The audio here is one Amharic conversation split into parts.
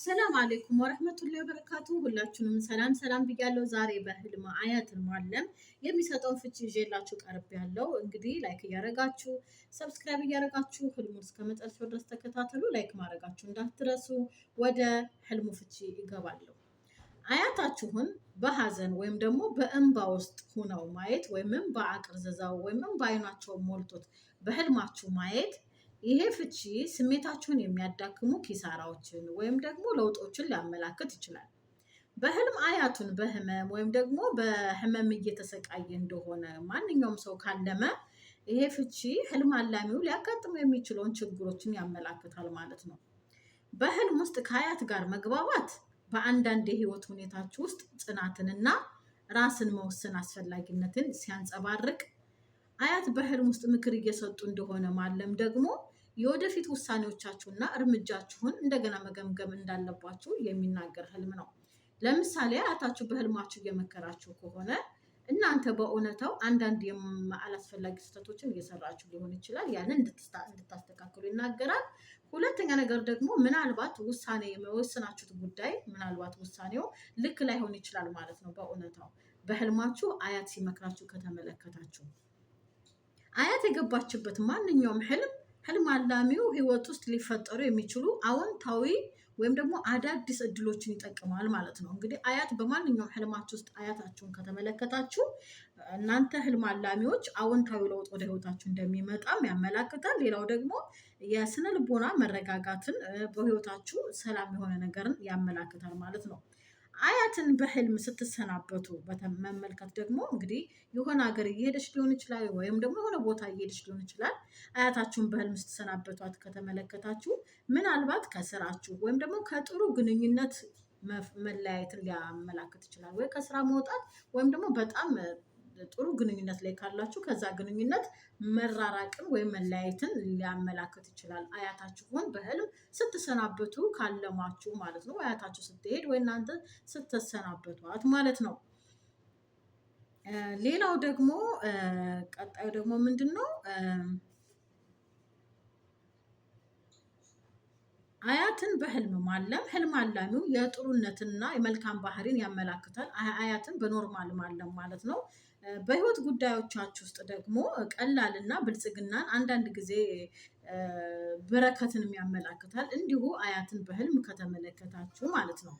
አሰላም አለይኩም ወረህመቱላሂ ወበረካቱ። ሁላችሁንም ሰላም ሰላም ብያለሁ። ዛሬ በህልም አያት ሙዓለም የሚሰጠውን ፍቺ ይዤላችሁ ቀርብ ያለው እንግዲህ ላይክ እያደረጋችሁ ሰብስክራይብ እያረጋችሁ ህልሙ እስከ መጨረሻው ድረስ ተከታተሉ። ላይክ ማድረጋችሁ እንዳትረሱ። ወደ ህልሙ ፍቺ ይገባለሁ። አያታችሁን በሀዘን ወይም ደግሞ በእንባ ውስጥ ሁነው ማየት ወይም እንባ አቅርዘዛው ወይም እንባ አይኗቸውን ሞልቶት በህልማችሁ ማየት ይሄ ፍቺ ስሜታችሁን የሚያዳክሙ ኪሳራዎችን ወይም ደግሞ ለውጦችን ሊያመላክት ይችላል። በህልም አያቱን በህመም ወይም ደግሞ በህመም እየተሰቃየ እንደሆነ ማንኛውም ሰው ካለመ ይሄ ፍቺ ህልም አላሚው ሊያጋጥሙ የሚችለውን ችግሮችን ያመላክታል ማለት ነው። በህልም ውስጥ ከአያት ጋር መግባባት በአንዳንድ የህይወት ሁኔታች ውስጥ ጽናትንና ራስን መወሰን አስፈላጊነትን ሲያንጸባርቅ፣ አያት በህልም ውስጥ ምክር እየሰጡ እንደሆነ ማለም ደግሞ የወደፊት ውሳኔዎቻችሁና እርምጃችሁን እንደገና መገምገም እንዳለባችሁ የሚናገር ህልም ነው። ለምሳሌ አያታችሁ በህልማችሁ እየመከራችሁ ከሆነ እናንተ በእውነታው አንዳንድ አላስፈላጊ ስህተቶችን እየሰራችሁ ሊሆን ይችላል። ያንን እንድታስተካክሉ ይናገራል። ሁለተኛ ነገር ደግሞ ምናልባት ውሳኔ የወሰናችሁት ጉዳይ ምናልባት ውሳኔው ልክ ላይሆን ይችላል ማለት ነው። በእውነታው በህልማችሁ አያት ሲመክራችሁ ከተመለከታችሁ አያት የገባችበት ማንኛውም ህልም ህልም አላሚው ህይወት ውስጥ ሊፈጠሩ የሚችሉ አዎንታዊ ወይም ደግሞ አዳዲስ እድሎችን ይጠቅማል ማለት ነው። እንግዲህ አያት በማንኛውም ህልማችሁ ውስጥ አያታችሁን ከተመለከታችሁ እናንተ ህልም አላሚዎች አዎንታዊ ለውጥ ወደ ህይወታችሁ እንደሚመጣም ያመላክታል። ሌላው ደግሞ የስነ ልቦና መረጋጋትን በህይወታችሁ ሰላም የሆነ ነገርን ያመላክታል ማለት ነው። አያትን በህልም ስትሰናበቱ መመልከት ደግሞ እንግዲህ የሆነ ሀገር እየሄደች ሊሆን ይችላል፣ ወይም ደግሞ የሆነ ቦታ እየሄደች ሊሆን ይችላል። አያታችሁን በህልም ስትሰናበቷት ከተመለከታችሁ ምናልባት ከስራችሁ ወይም ደግሞ ከጥሩ ግንኙነት መለያየትን ሊያመላክት ይችላል፣ ወይ ከስራ መውጣት ወይም ደግሞ በጣም ጥሩ ግንኙነት ላይ ካላችሁ ከዛ ግንኙነት መራራቅን ወይም መለያየትን ሊያመላክት ይችላል። አያታችሁን በህልም ስትሰናበቱ ካለማችሁ ማለት ነው። አያታችሁ ስትሄድ ወይ እናንተ ስትሰናበቷት ማለት ነው። ሌላው ደግሞ ቀጣዩ ደግሞ ምንድን ነው? አያትን በህልም ማለም ህልም አላሚው የጥሩነትና የመልካም ባህሪን ያመላክታል። አያትን በኖርማል ማለም ማለት ነው። በህይወት ጉዳዮቻችሁ ውስጥ ደግሞ ቀላልና ብልጽግናን አንዳንድ ጊዜ በረከትንም ያመላክታል። እንዲሁ አያትን በህልም ከተመለከታችሁ ማለት ነው።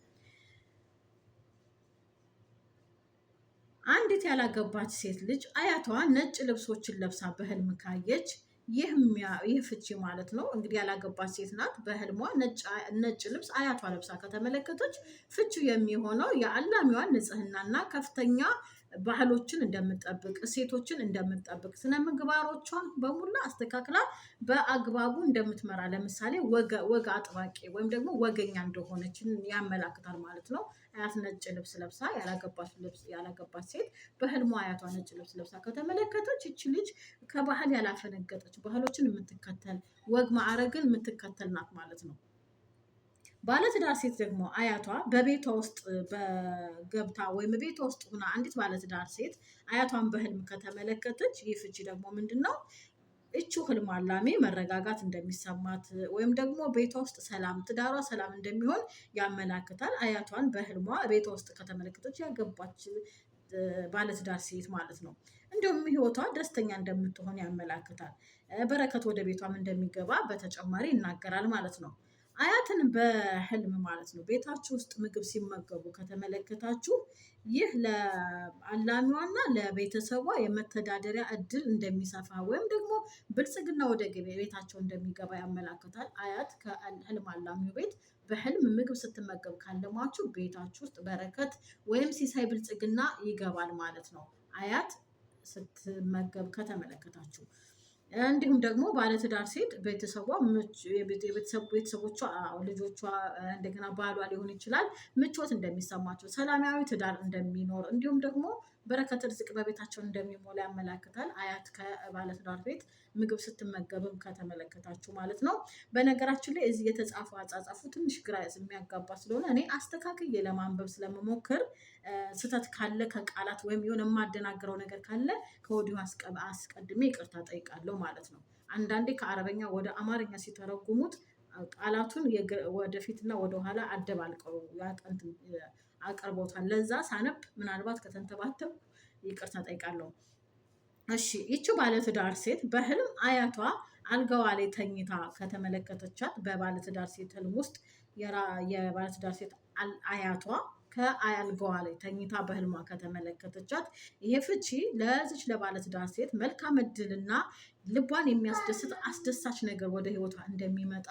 አንዲት ያላገባች ሴት ልጅ አያቷ ነጭ ልብሶችን ለብሳ በህልም ካየች ይህ ፍቺ ማለት ነው እንግዲህ ያላገባች ሴት ናት። በህልሟ ነጭ ልብስ አያቷ ለብሳ ከተመለከተች ፍቺው የሚሆነው የአላሚዋን ንጽህናና ከፍተኛ ባህሎችን እንደምጠብቅ፣ እሴቶችን እንደምጠብቅ፣ ስነ ምግባሮቿን በሙላ አስተካክላ በአግባቡ እንደምትመራ ለምሳሌ ወግ አጥባቂ ወይም ደግሞ ወገኛ እንደሆነች ያመላክታል ማለት ነው። አያት ነጭ ልብስ ለብሳ ያላገባት ልብስ ሴት በህልሞ አያቷ ነጭ ልብስ ለብሳ ከተመለከተች ይቺ ልጅ ከባህል ያላፈነገጠች ባህሎችን የምትከተል ወግ ማዕረግን የምትከተል ናት ማለት ነው። ባለትዳር ሴት ደግሞ አያቷ በቤቷ ውስጥ በገብታ ወይም ቤቷ ውስጥ ሆና አንዲት ባለትዳር ሴት አያቷን በህልም ከተመለከተች ይህ ፍቺ ደግሞ ምንድን ነው? እቹ ህልም አላሜ መረጋጋት እንደሚሰማት ወይም ደግሞ ቤቷ ውስጥ ሰላም፣ ትዳሯ ሰላም እንደሚሆን ያመላክታል። አያቷን በህልሟ ቤቷ ውስጥ ከተመለከተች ያገባች ባለትዳር ሴት ማለት ነው። እንዲሁም ህይወቷ ደስተኛ እንደምትሆን ያመላክታል። በረከት ወደ ቤቷም እንደሚገባ በተጨማሪ ይናገራል ማለት ነው። አያትን በህልም ማለት ነው ቤታችሁ ውስጥ ምግብ ሲመገቡ ከተመለከታችሁ ይህ ለአላሚዋና ለቤተሰቧ የመተዳደሪያ እድል እንደሚሰፋ ወይም ደግሞ ብልጽግና ወደ ቤታቸው እንደሚገባ ያመላክታል። አያት ከህልም አላሚው ቤት በህልም ምግብ ስትመገብ ካለማችሁ ቤታችሁ ውስጥ በረከት ወይም ሲሳይ ብልጽግና ይገባል ማለት ነው። አያት ስትመገብ ከተመለከታችሁ እንዲሁም ደግሞ ባለትዳር ሴት ቤተሰቧ ቤተሰቦቿ ልጆቿ እንደገና ባሏ ሊሆን ይችላል ምቾት እንደሚሰማቸው ሰላማዊ ትዳር እንደሚኖር እንዲሁም ደግሞ በረከት ርዝቅ በቤታቸው እንደሚሞላ ያመላክታል። አያት ከባለትዳር ቤት ምግብ ስትመገብም ከተመለከታችሁ ማለት ነው። በነገራችን ላይ እዚህ የተጻፈው አጻጻፉ ትንሽ ግራ የሚያጋባ ስለሆነ እኔ አስተካክዬ ለማንበብ ስለምሞክር ስህተት ካለ ከቃላት ወይም የሆነ የማደናግረው ነገር ካለ ከወዲሁ አስቀድሜ ይቅርታ ጠይቃለሁ ማለት ነው። አንዳንዴ ከአረበኛ ወደ አማርኛ ሲተረጉሙት ቃላቱን ወደፊትና ወደኋላ አደባልቀው አቅርቦታል። ለዛ ሳነብ ምናልባት ከተንተባተብ ይቅርታ ጠይቃለሁ። እሺ ይቺ ባለትዳር ሴት በህልም አያቷ አልጋዋ ላይ ተኝታ ከተመለከተቻት በባለትዳር ሴት ህልም ውስጥ የባለትዳር ሴት አያቷ ከአልጋዋ ላይ ተኝታ በህልሟ ከተመለከተቻት ይሄ ፍቺ ለዚች ለባለትዳር ሴት መልካም እድልና ልቧን የሚያስደስት አስደሳች ነገር ወደ ህይወቷ እንደሚመጣ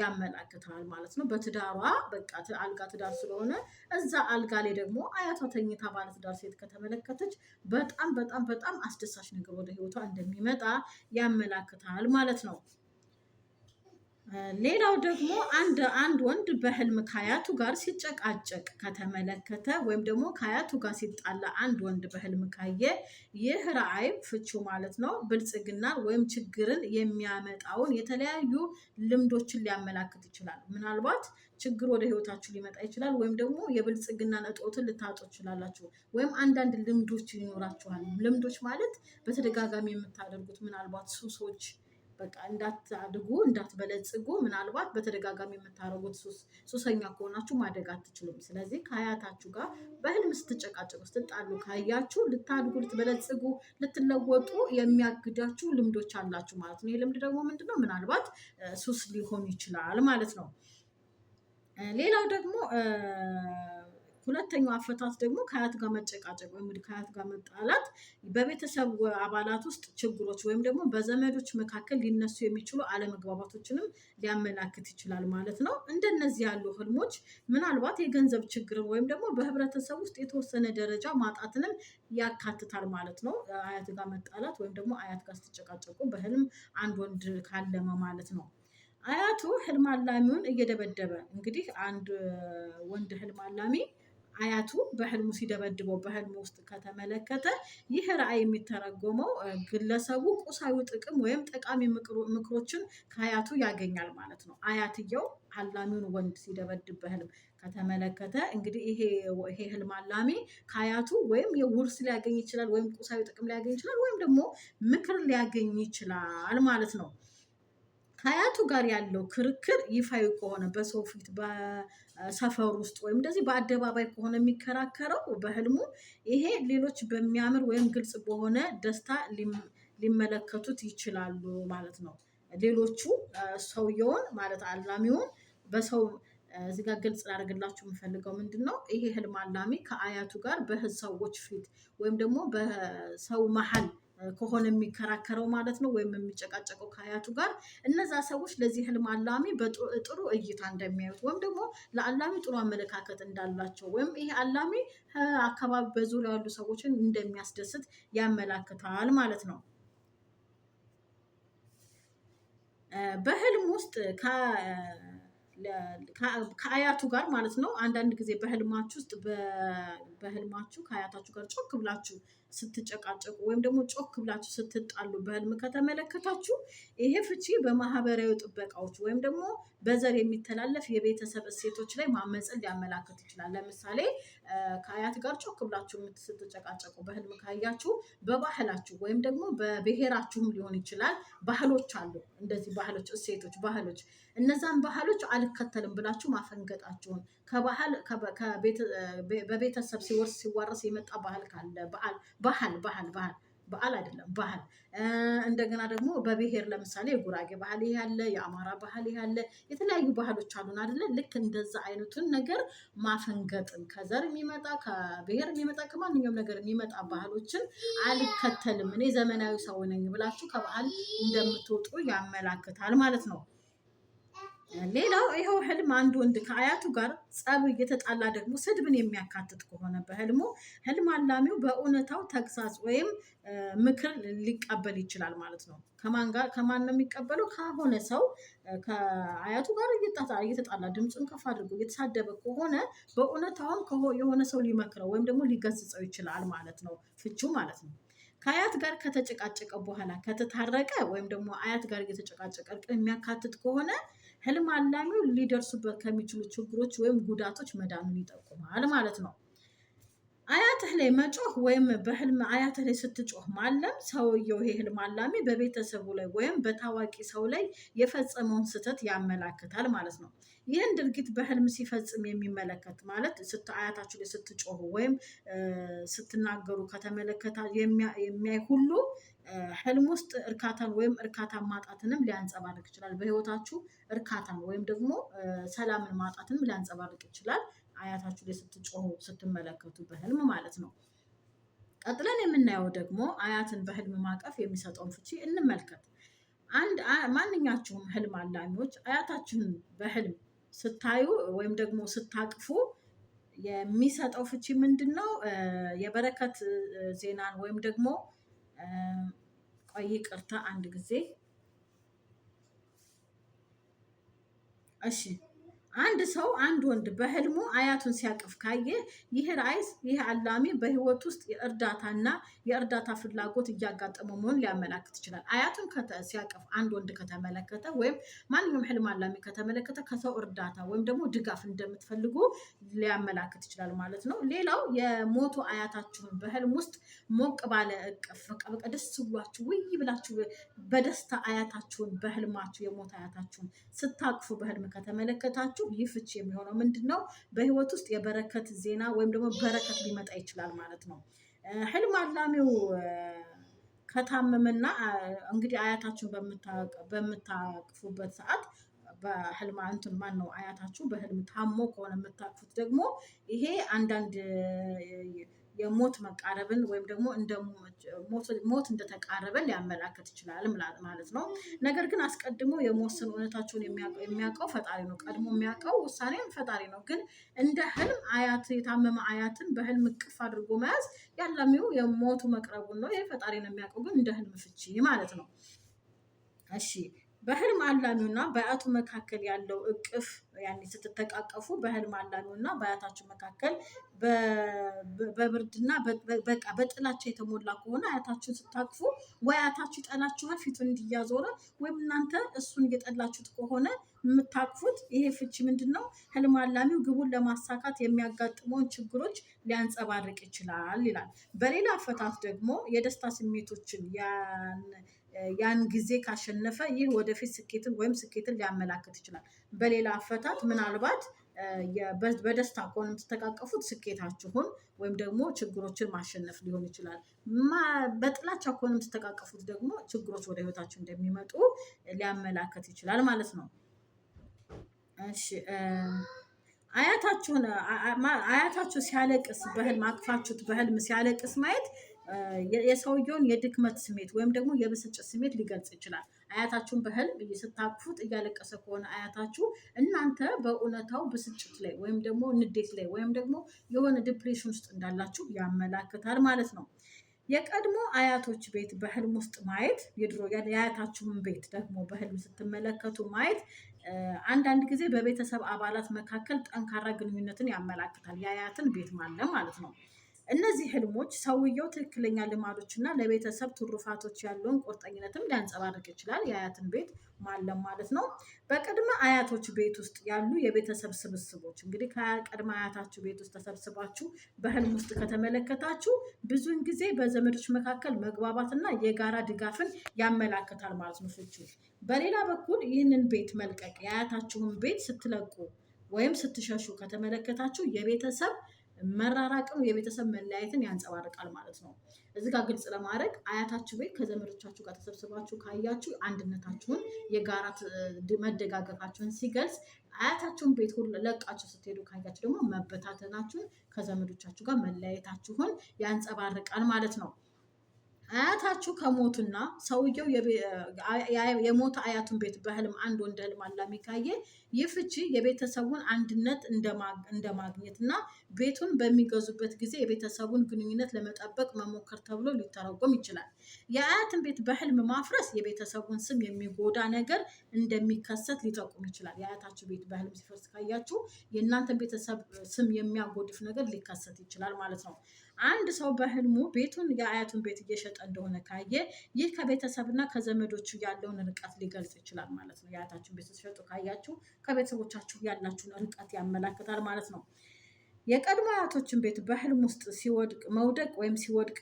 ያመላክታል ማለት ነው። በትዳሯ በቃ አልጋ ትዳር ስለሆነ እዛ አልጋ ላይ ደግሞ አያቷ ተኝታ ባለትዳር ሴት ከተመለከተች በጣም በጣም በጣም አስደሳች ነገር ወደ ህይወቷ እንደሚመጣ ያመላክታል ማለት ነው። ሌላው ደግሞ አንድ አንድ ወንድ በህልም ከአያቱ ጋር ሲጨቃጨቅ ከተመለከተ ወይም ደግሞ ከአያቱ ጋር ሲጣላ አንድ ወንድ በህልም ካየ ይህ ራዕይ ፍቹ ማለት ነው ብልጽግናን ወይም ችግርን የሚያመጣውን የተለያዩ ልምዶችን ሊያመላክት ይችላል። ምናልባት ችግር ወደ ህይወታችሁ ሊመጣ ይችላል። ወይም ደግሞ የብልጽግናን እጦትን ልታጡ ይችላላችሁ፣ ወይም አንዳንድ ልምዶች ይኖራችኋል። ልምዶች ማለት በተደጋጋሚ የምታደርጉት ምናልባት ሱሶች በቃ እንዳታድጉ እንዳትበለጽጉ ምናልባት በተደጋጋሚ የምታደርጉት ሱሰኛ ከሆናችሁ ማደግ አትችሉም። ስለዚህ ከአያታችሁ ጋር በህልም ስትጨቃጨቁ፣ ስትጣሉ ካያችሁ ልታድጉ፣ ልትበለጽጉ፣ ልትለወጡ የሚያግዳችሁ ልምዶች አላችሁ ማለት ነው። ይህ ልምድ ደግሞ ምንድነው? ምናልባት ሱስ ሊሆን ይችላል ማለት ነው። ሌላው ደግሞ ሁለተኛው አፈታት ደግሞ ከአያት ጋር መጨቃጨቅ ወይም ከአያት ጋር መጣላት በቤተሰብ አባላት ውስጥ ችግሮች ወይም ደግሞ በዘመዶች መካከል ሊነሱ የሚችሉ አለመግባባቶችንም ሊያመላክት ይችላል ማለት ነው። እንደነዚህ ያሉ ህልሞች ምናልባት የገንዘብ ችግርን ወይም ደግሞ በህብረተሰብ ውስጥ የተወሰነ ደረጃ ማጣትንም ያካትታል ማለት ነው። አያት ጋር መጣላት ወይም ደግሞ አያት ጋር ስትጨቃጨቁ በህልም አንድ ወንድ ካለመ ማለት ነው። አያቱ ህልም አላሚውን እየደበደበ እንግዲህ አንድ ወንድ ህልም አላሚ አያቱ በህልሙ ሲደበድበው በህልሙ ውስጥ ከተመለከተ ይህ ራእይ የሚተረጎመው ግለሰቡ ቁሳዊ ጥቅም ወይም ጠቃሚ ምክሮችን ከአያቱ ያገኛል ማለት ነው። አያትየው አላሚውን ወንድ ሲደበድብ በህልም ከተመለከተ እንግዲህ ይሄ ይሄ ህልም አላሚ ከአያቱ ወይም የውርስ ሊያገኝ ይችላል፣ ወይም ቁሳዊ ጥቅም ሊያገኝ ይችላል፣ ወይም ደግሞ ምክር ሊያገኝ ይችላል ማለት ነው። ከአያቱ ጋር ያለው ክርክር ይፋዊ ከሆነ በሰው ፊት በሰፈር ውስጥ ወይም እንደዚህ በአደባባይ ከሆነ የሚከራከረው በህልሙ ይሄ ሌሎች በሚያምር ወይም ግልጽ በሆነ ደስታ ሊመለከቱት ይችላሉ ማለት ነው። ሌሎቹ ሰውየውን ማለት አላሚውን በሰው እዚህ ጋር ግልጽ ላደርግላችሁ የምፈልገው ምንድን ነው ይሄ ህልም አላሚ ከአያቱ ጋር በህዝ ሰዎች ፊት ወይም ደግሞ በሰው መሀል ከሆነ የሚከራከረው ማለት ነው ወይም የሚጨቃጨቀው ከአያቱ ጋር እነዛ ሰዎች ለዚህ ህልም አላሚ ጥሩ እይታ እንደሚያዩት ወይም ደግሞ ለአላሚ ጥሩ አመለካከት እንዳላቸው ወይም ይሄ አላሚ አካባቢ በዙሪያ ያሉ ሰዎችን እንደሚያስደስት ያመላክታል ማለት ነው። በህልም ውስጥ ከአያቱ ጋር ማለት ነው። አንዳንድ ጊዜ በህልማችሁ ውስጥ በህልማችሁ ከአያታችሁ ጋር ጮክ ብላችሁ ስትጨቃጨቁ ወይም ደግሞ ጮክ ብላችሁ ስትጣሉ በህልም ከተመለከታችሁ ይሄ ፍቺ በማህበራዊ ጥበቃዎች ወይም ደግሞ በዘር የሚተላለፍ የቤተሰብ እሴቶች ላይ ማመፅን ሊያመላክት ይችላል። ለምሳሌ ከአያት ጋር ጮክ ብላችሁ ስትጨቃጨቁ በህልም ካያችሁ በባህላችሁ ወይም ደግሞ በብሔራችሁም ሊሆን ይችላል። ባህሎች አሉ እንደዚህ ባህሎች፣ እሴቶች፣ ባህሎች እነዛን ባህሎች አልከተልም ብላችሁ ማፈንገጣችሁን ከባህል በቤተሰብ ሲወርስ ሲዋረስ የመጣ ባህል ካለ ባህል ባህል ባህል ባህል በዓል አይደለም ባህል። እንደገና ደግሞ በብሔር ለምሳሌ የጉራጌ ባህል ይህ ያለ የአማራ ባህል ይህ ያለ የተለያዩ ባህሎች አሉን አይደለ? ልክ እንደዛ አይነቱን ነገር ማፈንገጥን ከዘር የሚመጣ ከብሔር የሚመጣ ከማንኛውም ነገር የሚመጣ ባህሎችን አልከተልም እኔ ዘመናዊ ሰው ነኝ ብላችሁ ከባህል እንደምትወጡ ያመላክታል ማለት ነው። ሌላው ይኸው ህልም አንድ ወንድ ከአያቱ ጋር ጸብ እየተጣላ ደግሞ ስድብን የሚያካትት ከሆነ በህልሙ ህልም አላሚው በእውነታው ተግሳጽ ወይም ምክር ሊቀበል ይችላል ማለት ነው። ከማን ነው የሚቀበለው? ከሆነ ሰው ከአያቱ ጋር እየተጣላ ድምፁን ከፍ አድርጎ እየተሳደበ ከሆነ በእውነታውም የሆነ ሰው ሊመክረው ወይም ደግሞ ሊገስጸው ይችላል ማለት ነው። ፍቹ ማለት ነው። ከአያት ጋር ከተጨቃጨቀ በኋላ ከተታረቀ ወይም ደግሞ አያት ጋር እየተጨቃጨቀ የሚያካትት ከሆነ ህልም አላሚው ሊደርሱበት ከሚችሉ ችግሮች ወይም ጉዳቶች መዳኑን ይጠቁማል ማለት ነው። አያትህ ላይ መጮህ ወይም በህልም አያትህ ላይ ስትጮህ ማለም ሰውየው ይሄ ህልም አላሚ በቤተሰቡ ላይ ወይም በታዋቂ ሰው ላይ የፈጸመውን ስህተት ያመላክታል ማለት ነው። ይህን ድርጊት በህልም ሲፈጽም የሚመለከት ማለት አያታችሁ ላይ ስትጮሁ ወይም ስትናገሩ ከተመለከታ የሚያይ ሁሉ ህልም ውስጥ እርካታን ወይም እርካታን ማጣትንም ሊያንጸባርቅ ይችላል። በህይወታችሁ እርካታን ወይም ደግሞ ሰላምን ማጣትንም ሊያንጸባርቅ ይችላል። አያታችሁ ላይ ስትጮሁ ስትመለከቱ በህልም ማለት ነው። ቀጥለን የምናየው ደግሞ አያትን በህልም ማቀፍ የሚሰጠውን ፍቺ እንመልከት። አንድ ማንኛችሁም ህልም አላሚዎች አያታችሁን በህልም ስታዩ ወይም ደግሞ ስታቅፉ የሚሰጠው ፍቺ ምንድን ነው? የበረከት ዜናን ወይም ደግሞ ቆይ ቅርታ አንድ ጊዜ እሺ አንድ ሰው አንድ ወንድ በህልሙ አያቱን ሲያቅፍ ካየ ይህ ራይስ ይህ አላሚ በህይወት ውስጥ የእርዳታና የእርዳታ ፍላጎት እያጋጠመ መሆን ሊያመላክት ይችላል። አያቱን ሲያቅፍ አንድ ወንድ ከተመለከተ ወይም ማንኛውም ህልም አላሚ ከተመለከተ ከሰው እርዳታ ወይም ደግሞ ድጋፍ እንደምትፈልጉ ሊያመላክት ይችላል ማለት ነው። ሌላው የሞቱ አያታችሁን በህልም ውስጥ ሞቅ ባለ እቅፍ በቃ ደስ ብሏችሁ ውይ ብላችሁ በደስታ አያታችሁን በህልማችሁ የሞት አያታችሁን ስታቅፉ በህልም ከተመለከታችሁ ካላችሁ ይህ ፍቺ የሚሆነው ምንድን ነው? በህይወት ውስጥ የበረከት ዜና ወይም ደግሞ በረከት ሊመጣ ይችላል ማለት ነው። ህልም አላሚው ከታመመና እንግዲህ አያታችሁን በምታቅፉበት ሰዓት በህልም እንትን ማን ነው አያታችሁ በህልም ታሞ ከሆነ የምታቅፉት ደግሞ ይሄ አንዳንድ የሞት መቃረብን ወይም ደግሞ ሞት እንደተቃረበ ሊያመላከት ይችላል ማለት ነው። ነገር ግን አስቀድሞ ስን እውነታቸውን የሚያውቀው ፈጣሪ ነው። ቀድሞ የሚያውቀው ውሳኔም ፈጣሪ ነው። ግን እንደ ህልም አያት የታመመ አያትን በህልም እቅፍ አድርጎ መያዝ ያላሚው የሞቱ መቅረቡን ነው። ይህ ፈጣሪ ነው የሚያውቀው፣ ግን እንደ ህልም ፍቺ ማለት ነው። እሺ በህልም አላሚውና በአያቱ መካከል ያለው እቅፍ ያኔ ስትተቃቀፉ በህልም አላሚውና በአያታችሁ መካከል በብርድና በቃ በጥላቻ የተሞላ ከሆነ አያታችሁን ስታቅፉ ወይ አያታችሁ ይጠላችኋል፣ ፊቱን እንዲያዞረ ወይም እናንተ እሱን እየጠላችሁት ከሆነ የምታቅፉት ይሄ ፍቺ ምንድን ነው? ህልም አላሚው ግቡን ለማሳካት የሚያጋጥመውን ችግሮች ሊያንጸባርቅ ይችላል ይላል። በሌላ አፈታት ደግሞ የደስታ ስሜቶችን ያን ጊዜ ካሸነፈ ይህ ወደፊት ስኬትን ወይም ስኬትን ሊያመላክት ይችላል። በሌላ አፈታት ምናልባት በደስታ ከሆነ የምትተቃቀፉት ስኬታችሁን ወይም ደግሞ ችግሮችን ማሸነፍ ሊሆን ይችላል። በጥላቻ ከሆነ የምትተቃቀፉት ደግሞ ችግሮች ወደ ህይወታችሁ እንደሚመጡ ሊያመላክት ይችላል ማለት ነው። እሺ አያታችሁን አያታችሁ ሲያለቅስ በህልም አቅፋችሁት በህልም ሲያለቅስ ማየት የሰውየውን የድክመት ስሜት ወይም ደግሞ የብስጭት ስሜት ሊገልጽ ይችላል። አያታችሁን በህልም ስታቅፉት እያለቀሰ ከሆነ አያታችሁ እናንተ በእውነታው ብስጭት ላይ ወይም ደግሞ ንዴት ላይ ወይም ደግሞ የሆነ ዲፕሬሽን ውስጥ እንዳላችሁ ያመላክታል ማለት ነው። የቀድሞ አያቶች ቤት በህልም ውስጥ ማየት የድሮ የአያታችሁን ቤት ደግሞ በህልም ስትመለከቱ ማየት አንዳንድ ጊዜ በቤተሰብ አባላት መካከል ጠንካራ ግንኙነትን ያመላክታል። የአያትን ቤት ማለ ማለት ነው። እነዚህ ህልሞች ሰውየው ትክክለኛ ልማዶች እና ለቤተሰብ ትሩፋቶች ያለውን ቁርጠኝነትም ሊያንጸባርቅ ይችላል። የአያትን ቤት ማለም ማለት ነው። በቅድመ አያቶች ቤት ውስጥ ያሉ የቤተሰብ ስብስቦች እንግዲህ ከቅድመ አያታችሁ ቤት ውስጥ ተሰብስባችሁ በህልም ውስጥ ከተመለከታችሁ ብዙውን ጊዜ በዘመዶች መካከል መግባባትና የጋራ ድጋፍን ያመላክታል ማለት ነው ፍቹ። በሌላ በኩል ይህንን ቤት መልቀቅ የአያታችሁን ቤት ስትለቁ ወይም ስትሸሹ ከተመለከታችሁ የቤተሰብ መራራቅም የቤተሰብ መለያየትን ያንጸባርቃል ማለት ነው። እዚህ ጋር ግልጽ ለማድረግ አያታችሁ ቤት ከዘመዶቻችሁ ጋር ተሰብስባችሁ ካያችሁ አንድነታችሁን የጋራ መደጋገፋችሁን ሲገልጽ፣ አያታችሁን ቤት ሁሉ ለቃችሁ ስትሄዱ ካያችሁ ደግሞ መበታተናችሁን ከዘመዶቻችሁ ጋር መለያየታችሁን ያንጸባርቃል ማለት ነው። አያታችሁ ከሞቱና ሰውየው የሞተ አያቱን ቤት በህልም አንድ ወንድ ህልም አላሚ ካየ ይህ ፍቺ የቤተሰቡን አንድነት እንደማግኘት እና ቤቱን በሚገዙበት ጊዜ የቤተሰቡን ግንኙነት ለመጠበቅ መሞከር ተብሎ ሊተረጎም ይችላል። የአያትን ቤት በህልም ማፍረስ የቤተሰቡን ስም የሚጎዳ ነገር እንደሚከሰት ሊጠቁም ይችላል። የአያታችሁ ቤት በህልም ሲፈርስ ካያችሁ የእናንተን ቤተሰብ ስም የሚያጎድፍ ነገር ሊከሰት ይችላል ማለት ነው። አንድ ሰው በህልሙ ቤቱን የአያቱን ቤት እየሸጠ እንደሆነ ካየ ይህ ከቤተሰብና ከዘመዶቹ ያለውን ርቀት ሊገልጽ ይችላል ማለት ነው። የአያታችሁን ቤት ስትሸጡ ካያችሁ ከቤተሰቦቻችሁ ያላችሁን ርቀት ያመላክታል ማለት ነው። የቀድሞ አያቶችን ቤት በህልም ውስጥ ሲወድቅ መውደቅ ወይም ሲወድቅ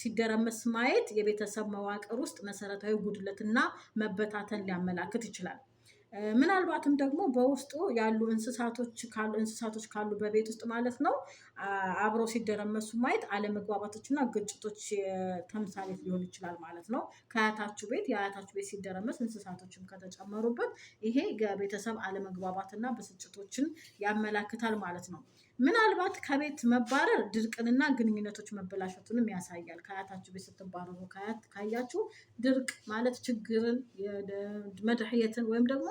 ሲደረመስ ማየት የቤተሰብ መዋቅር ውስጥ መሰረታዊ ጉድለትና መበታተን ሊያመላክት ይችላል። ምናልባትም ደግሞ በውስጡ ያሉ እንስሳቶች ካሉ እንስሳቶች ካሉ በቤት ውስጥ ማለት ነው አብሮ ሲደረመሱ ማየት አለመግባባቶችና ግጭቶች ተምሳሌት ሊሆን ይችላል ማለት ነው። ከአያታችሁ ቤት የአያታችሁ ቤት ሲደረመስ እንስሳቶችም ከተጨመሩበት ይሄ የቤተሰብ አለመግባባትና ብስጭቶችን ያመላክታል ማለት ነው ምናልባት ከቤት መባረር ድርቅንና ግንኙነቶች መበላሸቱንም ያሳያል። ከአያታችሁ ቤት ስትባረሩ ካያችሁ ድርቅ ማለት ችግርን፣ መድሕየትን ወይም ደግሞ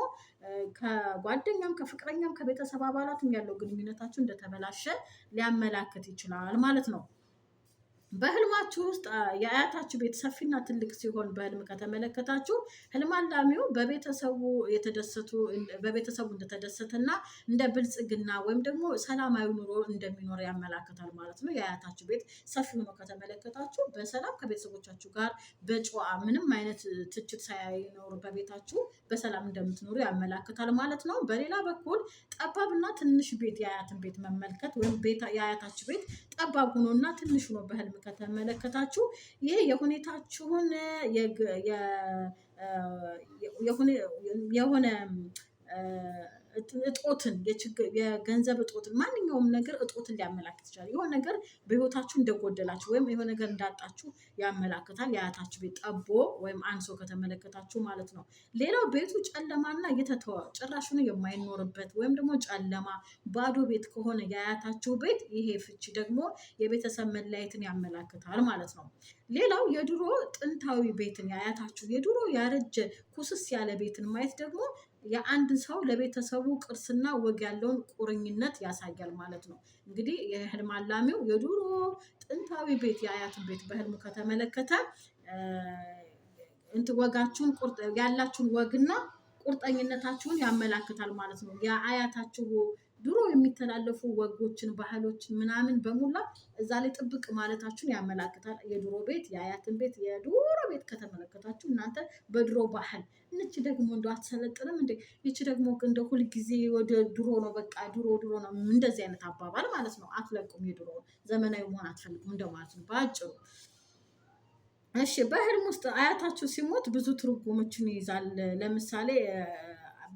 ከጓደኛም ከፍቅረኛም ከቤተሰብ አባላትም ያለው ግንኙነታችሁ እንደተበላሸ ሊያመላክት ይችላል ማለት ነው። በህልማችሁ ውስጥ የአያታችሁ ቤት ሰፊና ትልቅ ሲሆን በህልም ከተመለከታችሁ ህልም አላሚው በቤተሰቡ የተደሰቱ በቤተሰቡ እንደተደሰተና እንደ ብልጽግና ወይም ደግሞ ሰላማዊ ኑሮ እንደሚኖር ያመላክታል ማለት ነው። የአያታችሁ ቤት ሰፊ ሆኖ ከተመለከታችሁ በሰላም ከቤተሰቦቻችሁ ጋር በጨዋ ምንም አይነት ትችት ሳይኖር በቤታችሁ በሰላም እንደምትኖሩ ያመላክታል ማለት ነው። በሌላ በኩል ጠባብና ትንሽ ቤት የአያትን ቤት መመልከት ወይም የአያታችሁ ቤት ጠባብ ሆኖና ትንሽ ሆኖ በህልም ከተመለከታችሁ ይሄ የሁኔታችሁን የሆነ እጦትን የገንዘብ እጦትን ማንኛውም ነገር እጦትን ሊያመላክት ይችላል። የሆነ ነገር በህይወታችሁ እንደጎደላችሁ ወይም የሆነ ነገር እንዳጣችሁ ያመላክታል። የአያታችሁ ቤት ጠቦ ወይም አንሶ ከተመለከታችሁ ማለት ነው። ሌላው ቤቱ ጨለማና የተተወ ጭራሹን የማይኖርበት ወይም ደግሞ ጨለማ ባዶ ቤት ከሆነ የአያታችሁ ቤት ይሄ ፍቺ ደግሞ የቤተሰብ መለያየትን ያመላክታል ማለት ነው። ሌላው የድሮ ጥንታዊ ቤትን የአያታችሁ የድሮ ያረጀ ኩስስ ያለ ቤትን ማየት ደግሞ የአንድ ሰው ለቤተሰቡ ቅርስና ወግ ያለውን ቁርኝነት ያሳያል ማለት ነው። እንግዲህ የህልም አላሚው የዱሮ ጥንታዊ ቤት የአያትን ቤት በህልሙ ከተመለከተ ወጋችሁን ያላችሁን ወግና ቁርጠኝነታችሁን ያመላክታል ማለት ነው። የአያታችሁ ድሮ የሚተላለፉ ወጎችን፣ ባህሎችን ምናምን በሙላ እዛ ላይ ጥብቅ ማለታችሁን ያመላክታል። የድሮ ቤት የአያትን ቤት የድሮ ቤት ከተመለከታችሁ እናንተ በድሮ ባህል እንቺ ደግሞ እንደ አትሰለጥንም እንዴ? ይቺ ደግሞ እንደ ሁልጊዜ ወደ ድሮ ነው በቃ ድሮ ድሮ ነው እንደዚህ አይነት አባባል ማለት ነው። አትለቁም፣ የድሮ ዘመናዊ መሆን አትፈልጉም እንደማለት ነው በአጭሩ። እሺ በህልም ውስጥ አያታችሁ ሲሞት ብዙ ትርጉሞችን ይይዛል። ለምሳሌ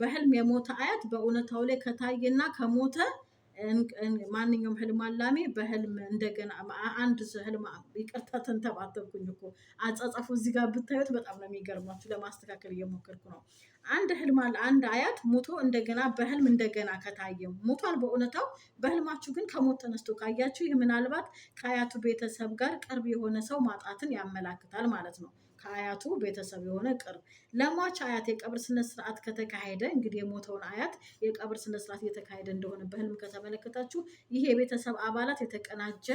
በህልም የሞተ አያት በእውነታው ላይ ከታየና ከሞተ ማንኛውም ህልም አላሜ በህልም እንደገና አንድ ህልም ይቅርታ ተንተባተብኩኝ እኮ አጻጻፉ እዚህ ጋር ብታዩት በጣም ነው የሚገርማችሁ። ለማስተካከል እየሞከርኩ ነው። አንድ ህልም አንድ አያት ሙቶ እንደገና በህልም እንደገና ከታየ ሞቷል በእውነታው። በህልማችሁ ግን ከሞት ተነስቶ ካያችሁ ይህ ምናልባት ከአያቱ ቤተሰብ ጋር ቅርብ የሆነ ሰው ማጣትን ያመላክታል ማለት ነው። ከአያቱ ቤተሰብ የሆነ ቅርብ ለሟች አያት የቀብር ስነስርዓት ከተካሄደ እንግዲህ የሞተውን አያት የቀብር ስነስርዓት እየተካሄደ እንደሆነ በህልም ከተመለከታችሁ ይህ የቤተሰብ አባላት የተቀናጀ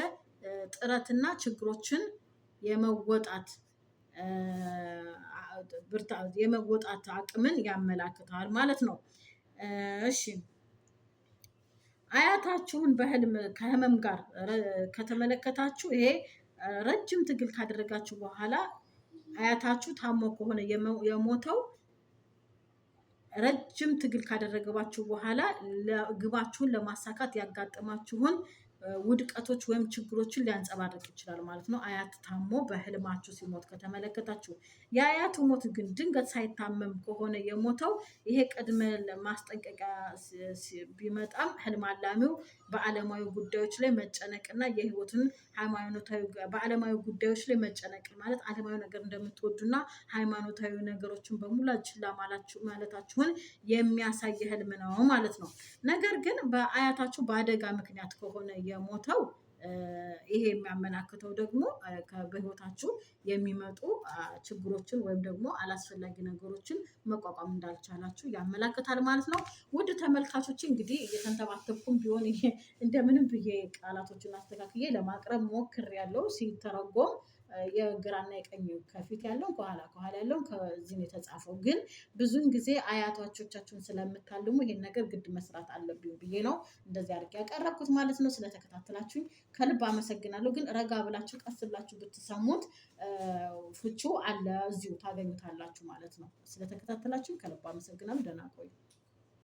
ጥረትና ችግሮችን የመወጣት የመወጣት አቅምን ያመላክታል ማለት ነው። እሺ አያታችሁን በህልም ከህመም ጋር ከተመለከታችሁ ይሄ ረጅም ትግል ካደረጋችሁ በኋላ አያታችሁ ታሞ ከሆነ የሞተው ረጅም ትግል ካደረገባችሁ በኋላ ግባችሁን ለማሳካት ያጋጠማችሁን ውድቀቶች ወይም ችግሮችን ሊያንጸባርቅ ይችላል ማለት ነው። አያት ታሞ በህልማችሁ ሲሞት ከተመለከታችሁ የአያቱ ሞት ግን ድንገት ሳይታመም ከሆነ የሞተው ይሄ ቅድመ ማስጠንቀቂያ ቢመጣም ህልም አላሚው በዓለማዊ ጉዳዮች ላይ መጨነቅና የህይወትን ሃይማኖታዊ በዓለማዊ ጉዳዮች ላይ መጨነቅ ማለት ዓለማዊ ነገር እንደምትወዱና ሃይማኖታዊ ነገሮችን በሙላ ችላ ማለታችሁን የሚያሳይ ህልም ነው ማለት ነው። ነገር ግን በአያታችሁ በአደጋ ምክንያት ከሆነ የሞተው ይሄ የሚያመላክተው ደግሞ በህይወታችሁ የሚመጡ ችግሮችን ወይም ደግሞ አላስፈላጊ ነገሮችን መቋቋም እንዳልቻላችሁ ያመላክታል ማለት ነው። ውድ ተመልካቾች እንግዲህ እየተንተባተብኩም ቢሆን እንደምንም ብዬ ቃላቶችን አስተካክዬ ለማቅረብ ሞክር ያለው ሲተረጎም የግራና የቀኝ ከፊት ያለውን ከኋላ ከኋላ ያለውን ከዚህ የተጻፈው። ግን ብዙን ጊዜ አያቶቻችሁን ስለምታልሙ ይሄን ነገር ግድ መስራት አለብኝ ብዬ ነው እንደዚህ አድርጌ ያቀረብኩት ማለት ነው። ስለተከታተላችሁኝ ከልብ አመሰግናለሁ። ግን ረጋ ብላችሁ ቀስ ብላችሁ ብትሰሙት ፍቹ አለ እዚሁ ታገኙታላችሁ ማለት ነው። ስለተከታተላችሁኝ ከልብ አመሰግናለሁ። ደህና ቆዩ።